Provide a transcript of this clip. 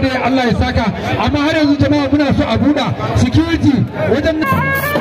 gode Allah ya saka amma har yanzu jama'a muna so a buɗa security wajen